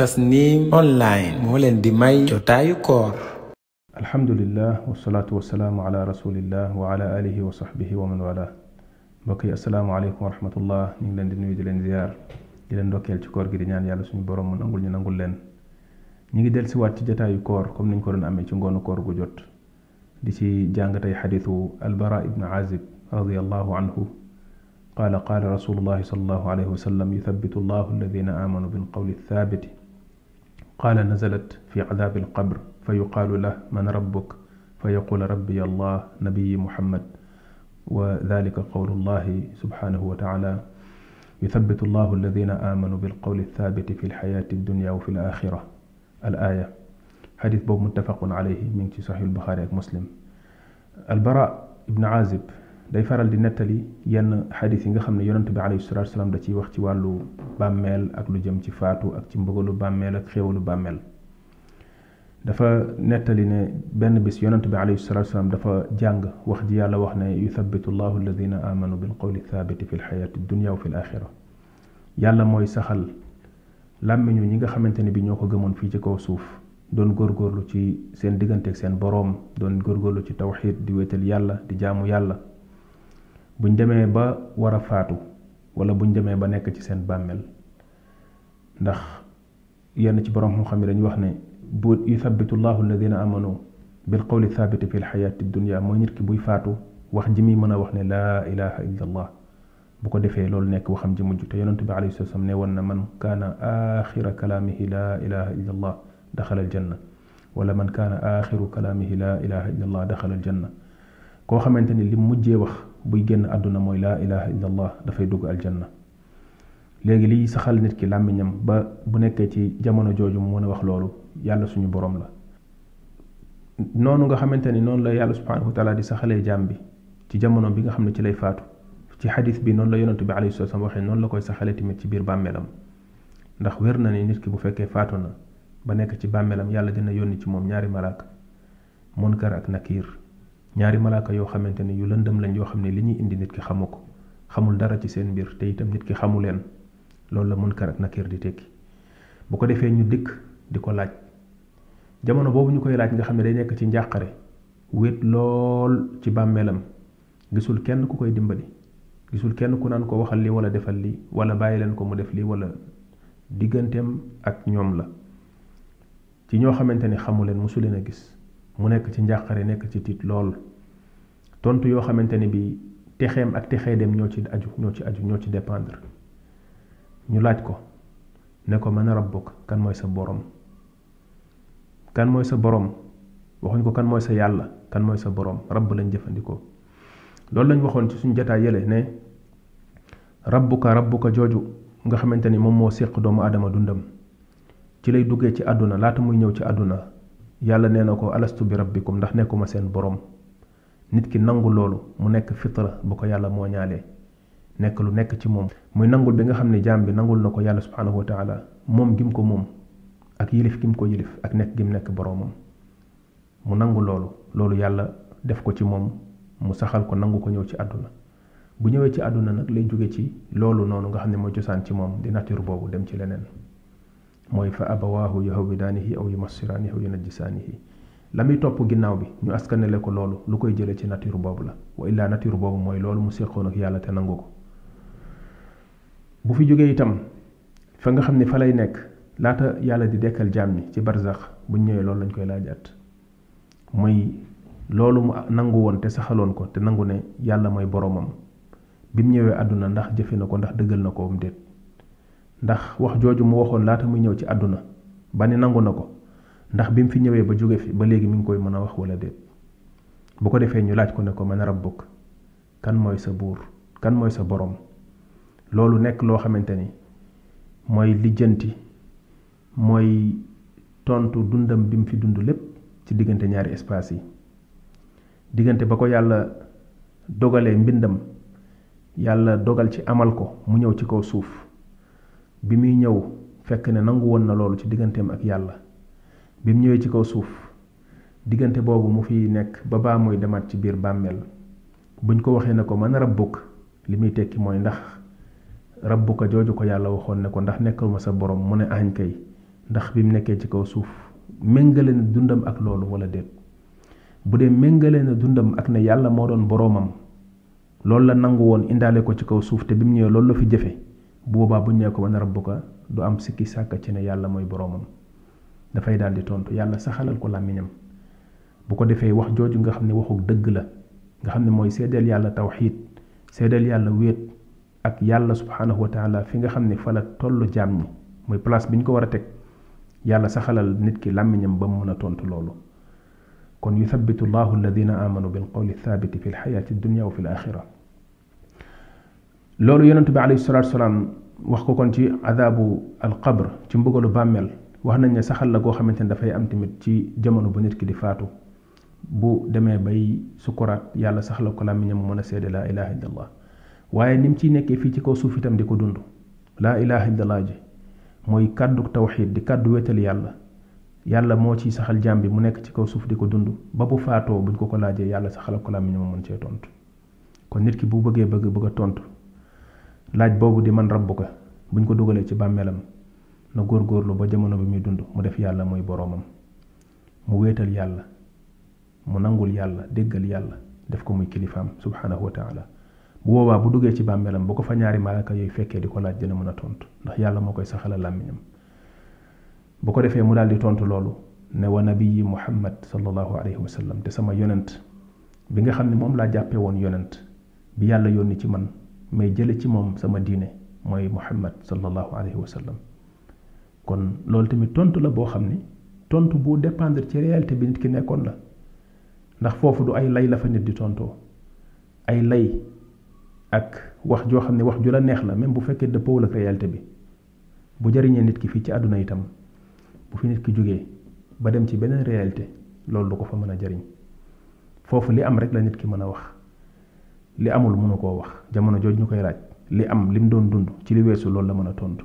tasnim online moo leen di may jotaayu koor alhamdulilah wasalaatu wasalaamu ala rasulillah wa ala alihi wa sahbihi wa man wala mbokk yi asalaamaaleykum wa rahmatullah ñu ngi leen di nuyu di leen ziyaar di leen ndokkeel ci koor gi di ñaan yàlla suñu borom mu nangul ñu nangul leen ñu ngi dellusiwaat ci jotaayu koor comme niñ ko doon amee ci ngoonu koor gu jot di ci jàng tey xadiisu albara ibn azib radiallahu anhu qaala qaala rasulullahi sallallahu alayhi wa sallam yuthabitu allahu alladina amanu bilqawli thabiti قال نزلت في عذاب القبر فيقال له من ربك فيقول ربي الله نبي محمد وذلك قول الله سبحانه وتعالى يثبت الله الذين آمنوا بالقول الثابت في الحياة الدنيا وفي الآخرة الآية حديث بوب متفق عليه من صحيح البخاري ومسلم البراء ابن عازب day faral di nettali yenn hadith yi nga xam ne yonent bi alayhi salatu salaam da ciy wax ci wàllu bàmmeel ak lu jëm ci faatu ak ci mbëgalu bàmmeel ak xéewalu bàmmeel dafa nettali ne benn bis yonent bi alayhi salatu salaam dafa jàng wax ji yàlla wax ne yuthabitu llahu alladina amanu bilqawli thabiti fi lxayati dunia wa fi laxira yàlla mooy saxal làmmiñu ñi nga xamante ne bi ñoo ko gëmoon fii ci kaw suuf doon góorgóorlu ci seen digganteeg seen boroom doon góorgóorlu ci tawxid di wéetal yàlla di jaamu yàlla buñ demee ba war a faatu wala buñ demee ba nekk ci seen bàmmeel ndax yenn ci borom xam-xam yi wax ne bu yuthabitu llahu alladina amanu bil qawli thabiti fi lxayaati dunia mooy nit ki buy faatu wax ji muy mën a wax ne la ilaha illa allah bu ko defee loolu nekk waxam ji mujj te yonentu bi alayhi salaam ne woon na man kaana aaxira kalaamihi la ilaha illa allah daxala aljanna wala man kaana aaxiru kalaamihi la ilaha illa allah daxala aljanna koo xamante ni li mujjee wax buy génn àdduna mooy laa ilaha illa dafay dugg aljanna léegi liy saxal nit ki làmmiñam ba bu nekkee ci jamono jooju mu mën a wax loolu yàlla suñu borom la noonu nga xamante ni noonu la yàlla subhanahu wa di saxalee jaam bi ci jamono bi nga xam ne ci lay faatu ci xadis bi noonu la yonent bi alayhi salaam waxee noonu la koy saxalee tamit ci biir bàmmeelam ndax wér na ni nit ki bu fekkee faatu na ba nekk ci bàmmeelam yàlla dina yónni ci moom ñaari malaaka munkar ak nakiir ñaari malaaka yoo xamante ne yu lëndëm lañ yoo xam ne li ñuy indi nit ki xamu ko xamul dara ci seen mbir te itam nit ki xamu leen loolu la munkar ak nakir di tekki bu ko defee ñu dikk di ko laaj jamono boobu ñu koy laaj nga xam ne day nekk ci njàqare wéet lool ci bàmmeelam gisul kenn ku koy dimbali gisul kenn ku naan ko waxal li wala defal li wala bàyyi leen ko mu def li wala digganteem ak ñoom la ci ñoo xamante ne xamu leen mosu leen a gis mu nekk ci njàqare nekk ci tit lool tontu yoo xamante ne bi texeem ak texee dem ñoo ci aju ñoo ci aju ñoo ci dépendre ñu laaj ko ne ko man rabbuk kan mooy sa borom kan mooy sa borom waxuñ ko kan mooy sa yàlla kan mooy sa borom rabb lañ jëfandikoo loolu lañ waxoon ci suñu jataay yële ne rabbuka rabbuka jooju nga xamante ni moom moo séq doomu aadama dundam ci lay duggee ci àdduna laata muy ñëw ci àdduna yàlla nee na ko alastu bi rabbikum ndax nekkuma seen borom nit ki nangu loolu mu nekk fitra bu ko yàlla moo ñaalee nekk lu nekk ci moom muy nangul bi nga xam ne jaam bi nangul na ko yàlla subhaanahu wa taala moom gim ko moom ak yilif gim ko yilif ak nekk mu nekk boroomam mu nangu loolu loolu yàlla def ko ci moom mu saxal ko nangu ko ñëw ci àdduna bu ñëwee ci àdduna nag lay jóge ci loolu noonu nga xam ne mooy cosaan ci moom di nature boobu dem ci leneen mooy fa abawaahu yuhawwidaanihi aw yumassiraanihi aw yunajjisaanihi la muy topp ginnaaw bi ñu askanele ko loolu lu koy jële ci nature boobu la wa illaa nature boobu mooy loolu mu séqoon ak yàlla te nangu ko bu fi jógee itam fa nga xam ne fa lay nekk laata yàlla di dekkal jaam ñi ci barzax bu ñëwee loolu lañ koy laajaat mooy loolu mu nangu woon te saxaloon ko te nangu ne yàlla mooy boromam bi mu ñëwee àdduna ndax jëfe na ko ndax dëggal na ko am déet ndax wax jooju mu waxoon laata muy ñëw ci àdduna ba ne nangu na ko ndax bi mu fi ñëwee ba jóge fi ba léegi mi ngi koy mën a wax wala déet bu ko defee ñu laaj ko ne ko man rabbuk kan mooy sa buur kan mooy sa borom loolu nekk loo xamante ni mooy lijjanti mooy tontu dundam bi mu fi dund lépp ci diggante ñaari espace yi diggante ba ko yàlla dogalee mbindam yàlla dogal ci amal ko mu ñëw ci kaw suuf bi muy ñëw fekk ne nangu woon na loolu ci digganteem ak yàlla bi mu ñëwee ci kaw suuf diggante boobu mu fiy nekk ba baa mooy demaat ci biir bàmmeel buñ ko waxee ne ko man rabbuk li muy tekki mooy ndax rabbuka jooju ko yàlla waxoon ne ko ndax nekkal ma sa borom mu ne añ kay ndax bi mu nekkee ci kaw suuf méngale na dundam ak loolu wala déet bu dee méngale na dundam ak ne yàlla moo doon boroomam loolu la nangu woon indaale ko ci kaw suuf te bi mu ñëwee loolu la fi jëfe bu boobaa ba nee ko man du am sikki sàkk ci ne yàlla mooy boroomam dafay daal di tontu yàlla saxalal ko làmmiñam bu ko defee wax jooju nga xam ne waxuk dëgg la nga xam ne mooy seedeel yàlla tawxiid seedeel yàlla wéet ak yàlla subhanahu wa taala fi nga xam ne fa la toll jaam ñi muy place bi ñu ko war a teg yàlla saxalal nit ki làmmiñam ba mën a tontu loolu kon yuthabitu llahu alladina amanu bilqawli thabiti fi lxayaati dunya wa fi l loolu yonent bi alayhi salaatu salaam wax ko kon ci adaabu alqabr ci mbugalu bàmmeel wax nañ ne saxal la goo xamante ne dafay am tamit ci jamono bu nit ki di faatu bu demee bay sukuraat yàlla saxla ko làmmiñam mu mën a seede laa ilaha waaye ni mu ciy nekkee fii ci kaw suuf itam di ko dund laa ilaha illallah mooy kàddu tawxiid di kàddu wéetal yàlla yàlla moo ciy saxal jaam bi mu nekk ci kaw suuf di ko dund ba faatoo buñ ko ko laajee yàlla saxal ko làmmiñam mën cee tontu kon nit ki bu bëggee bëgg bëgg a tontu. laaj boobu di man ko buñ ko dugalee ci bàmmeelam na góorgóorlu ba jamono bi muy dund mu def yàlla mooy boroomam mu wéetal yàlla mu nangul yàlla déggal yàlla def ko muy kilifaam subhanahu wa taala bu boobaa bu duggee ci bàmmeelam bu ko fa ñaari malaka yooyu fekkee di ko laaj dina mën a tontu ndax yàlla moo koy saxala làmmiñam bu ko defee mu daal di tontu loolu ne wa nabiyi muhammad sallallahu alayhi wa sallam te sama yonent bi nga xam ne moom laa jàppee woon yonent bi yàlla yónni ci man may jële ci moom sama diine mooy muhammad sallallahu alayhi wa sallam kon loolu tamit tontu la boo xam ni tontu bu dépendre ci réalité bi nit ki nekkoon la ndax foofu du ay lay la fa nit di tontoo ay lay ak wax joo xam ne wax ju la neex la même bu fekkee pawul ak réalité bi bu jariñee nit ki fii ci àdduna itam bu fi nit ki jógee ba dem ci beneen réalité loolu du ko fa mën a jariñ foofu li am rek la nit ki mën a wax li amul mënu koo wax jamono jooj ñu koy li am lim doon dund ci li weesu loolu la mën a tontu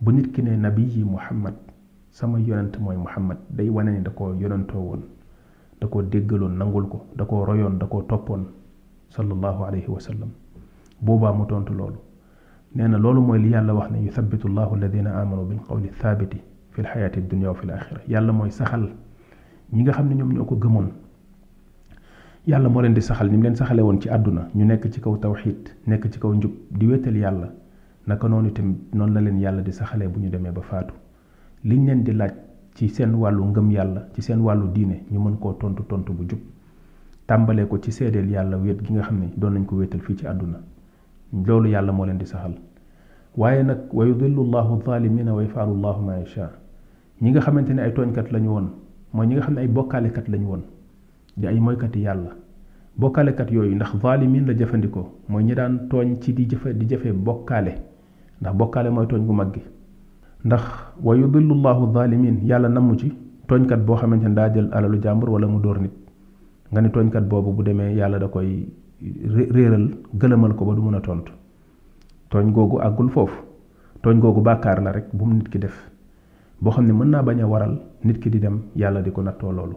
bu nit ki ne nabi yi muhammad sama yonent mooy muhammad day wane ni da koo yonentoo woon da koo déggaloon nangul ko da koo royoon da koo toppoon sallallahu alayhi wa sallam boobaa mu tontu loolu nee na loolu mooy li yàlla wax ne yuthabitu llahu alladina amanu bil qawli thabiti fi lxayaati dunia wa fi l axira yàlla mooy saxal ñi nga xam ne ñoom ñoo ko gëmoon yàlla moo leen di saxal ni mu leen saxale woon ci àdduna ñu nekk ci kaw tawxid nekk ci kaw njub di wéetal yàlla naka noonu itam noonu la leen yàlla di saxalee bu ñu demee ba faatu liñ leen di laaj ci seen wàllu ngëm yàlla ci seen wàllu diine ñu mën koo tontu tontu bu jub tàmbalee ko ci seedeel yàlla wéet gi nga xam ne doon nañ ko wéetal fii ci àdduna loolu yàlla moo leen di saxal waaye nag wa yudillu llahu zalimina wa yafalu llahu ma yasha ñi nga xamante ne ay tooñkat lañu woon mooy ñi nga xam ne ay bokkaalekat lañu woon di ay moykati yàlla bokkaalekat yooyu ndax zalimin la jëfandikoo mooy ñi daan tooñ ci di jëfe di jëfe bokkaale ndax bokkaale mooy tooñ gu mag gi ndax wa yudillu llahu zalimin yàlla namu ci tooñkat boo xamante ne daa jël alalu jàmbur wala mu dóor nit nga ne tooñkat boobu bu demee yàlla da koy réeral gëlëmal ko ba du mën a tontu tooñ googu àggul foofu tooñ googu bàkkaar la rek bu mu nit ki def boo xam ne mën naa bañ a waral nit ki di dem yàlla di ko nattoo loolu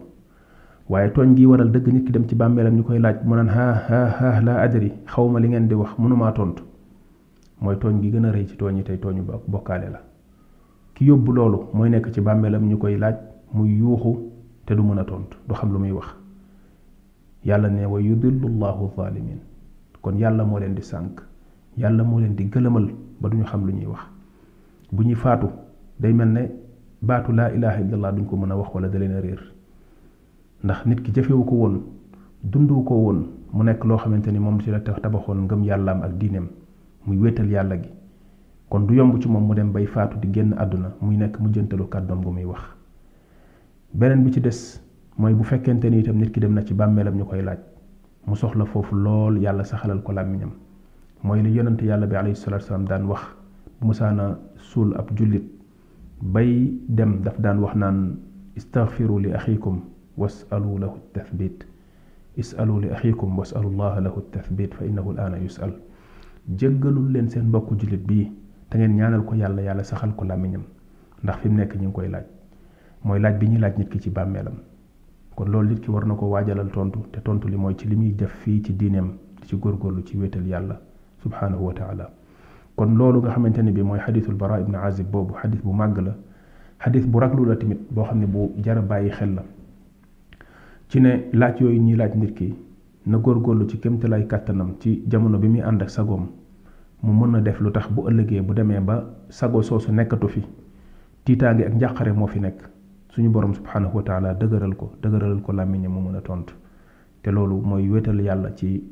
waaye tooñ gi waral dëgg nit ki dem ci bàmmeelam ñu koy laaj mu naan haa haa haa laa adari xaw li ngeen di wax mënumaa tontu mooy tooñ gi gën a rëy ci tooñ yi tey tooñu bokkaale la ki yóbbu loolu mooy nekk ci bàmmeelam ñu koy laaj muy yuuxu te du mën a tontu du xam lu muy wax yàlla ne wa yudillu llahu zalimin kon yàlla moo leen di sànk yàlla moo leen di gëlëmal ba duñu xam lu ñuy wax bu ñuy faatu day mel ne baatu laa ilaha illallah duñ ko mën a wax wala da a réer ndax nit ki jafewu ko woon dundu ko woon mu nekk loo xamante ni moom ci la tabaxoon ngëm am ak diineem muy wéetal yàlla gi kon du yomb ci moom mu dem bay faatu di génn àdduna muy nekk mujjantalu kàddoom gu muy wax beneen bi ci des mooy bu fekkente ni itam nit ki dem na ci bàmmeelam ñu koy laaj mu soxla foofu lool yàlla saxalal ko làmmiñam mooy li yonent yàlla bi alayhi salatu salaam daan wax bu musaana suul ab jullit bay dem daf daan wax naan istaghfiru li akhikum واسألوا له التثبيت اسألوا لأخيكم واسألوا الله له التثبيت فإنه الآن يسأل jéggalul leen seen mbokku julit bii te ngeen ñaanal ko yàlla yàlla saxal ko làmmiñam ndax fi mu nekk ñu ngi koy laaj mooy laaj bi ñuy laaj nit ki ci bàmmeelam kon loolu nit ki war na ko waajalal tontu te tontu li mooy ci li muy def fii ci diineem di ci góorgóorlu ci wéetal yàlla subhanahu wa taala kon loolu nga xamante ne bi mooy xadisul bara ibn azib boobu xadis bu màgg la xadis bu raglu la tamit boo xam ne bu jara bàyyi xel la ci ne laaj yooyu ñuy laaj nit ki na góor góorlu ci kéemtalaay kàttanam ci jamono bi muy ànd ak sagoom mu mën a def lu tax bu ëllëgee bu demee ba sago soosu nekkatu fi tiitaange ak njàqare moo fi nekk suñu borom subhanahu wa taala dëgëral ko dëgëralal ko làmmiñam mu mën a tontu te loolu mooy wéetal yàlla ci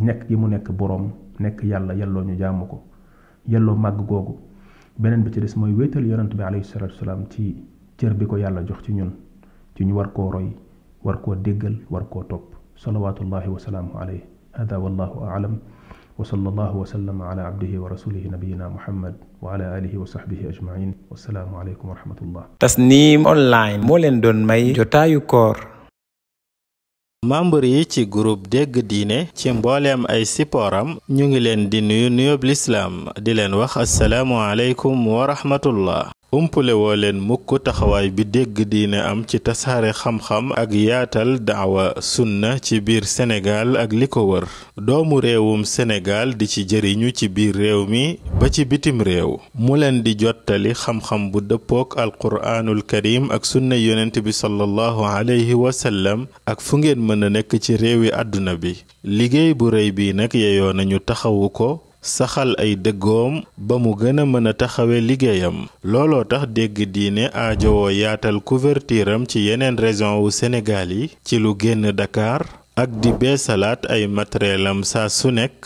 nekk gi mu nekk borom nekk yàlla yàlloo ñu jàmm ko yàlloo màgg googu beneen bi ci des mooy wéetal yonent bi alayhi salatu salaam ci cër bi ko yàlla jox ci ñun ci ñu war koo roy war koo déggal war koo topp salawaatullahi wa salaamu alayhi hada wallahu a'lam wa sallallahu wa sallama ala abdihi wa rasulihi nabiyina muhammad wa ala alihi wa sahbihi ajma'in wassalaamu alaykum wa rahmatullah tasnim online moo leen doon may jotaayu koor membre yi ci groupe dégg diine ci mbooleem ay sipooram ñu ngi leen di nuyu nuyób lislaam di leen wax assalaamu aleykum wa rahmatullah umpule woo leen mukk taxawaay bi dégg diine am ci tasaare xam-xam ak yaatal daawa sunna ci biir senegaal ak li ko wër doomu réewum Sénégal di ci jëriñu ci biir réew mi ba ci bitim réew mu leen di jottali xam-xam bu dëppook alquraanul karim ak sunna yonent bi sallallahu alayhi wasallam ak fu ngeen mën a nekk ci réewi àdduna bi liggéey bu rëy bii nag yeyoo nañu taxawu ko saxal ay dëggoom ba mu gën a mën a taxawe liggéeyam looloo tax dégg diine aajowoo yaatal couverture am ci yeneen région wu Sénégal yi ci lu génn Dakar ak di beesalaat ay matériel am saa su nekk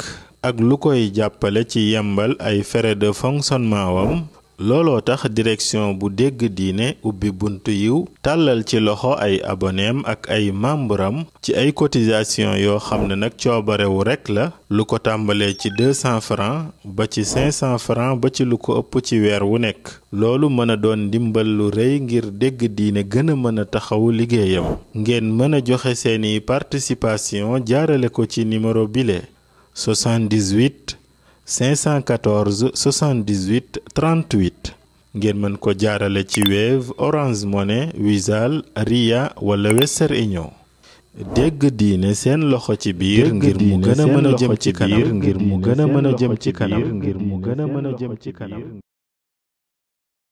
ak lu koy jàppale ci yembal ay frais de fonctionnement wam looloo tax direction bu dégg diine ubbi buntu yiw tàllal ci loxo ay aboneem ak ay membram ci ay cotisation yoo xam ne nag coobarewu rekk la lu ko tàmbalee ci 200 francs ba ci 500 francs ba ci lu ko ëpp ci weer wu nekk loolu mën a doon ndimbal lu rëy ngir dégg diine gën a mën a taxawu liggéeyam ngeen mën a joxe seeni participation jaarale ko ci numéro bile 78 514 78 38 ngeen mën ko jaarale ci Wave Orange Money Wizall Ria wala Western dégg diine seen loxo ci biir ngir mu gën a mën a jëm ci kanam ngir mu gën a mën a jëm ci kanam ngir mu gën a mën a jëm ci kanam